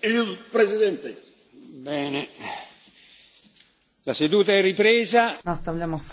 Il presidente. Bene. La seduta è ripresa. Nastavljamo s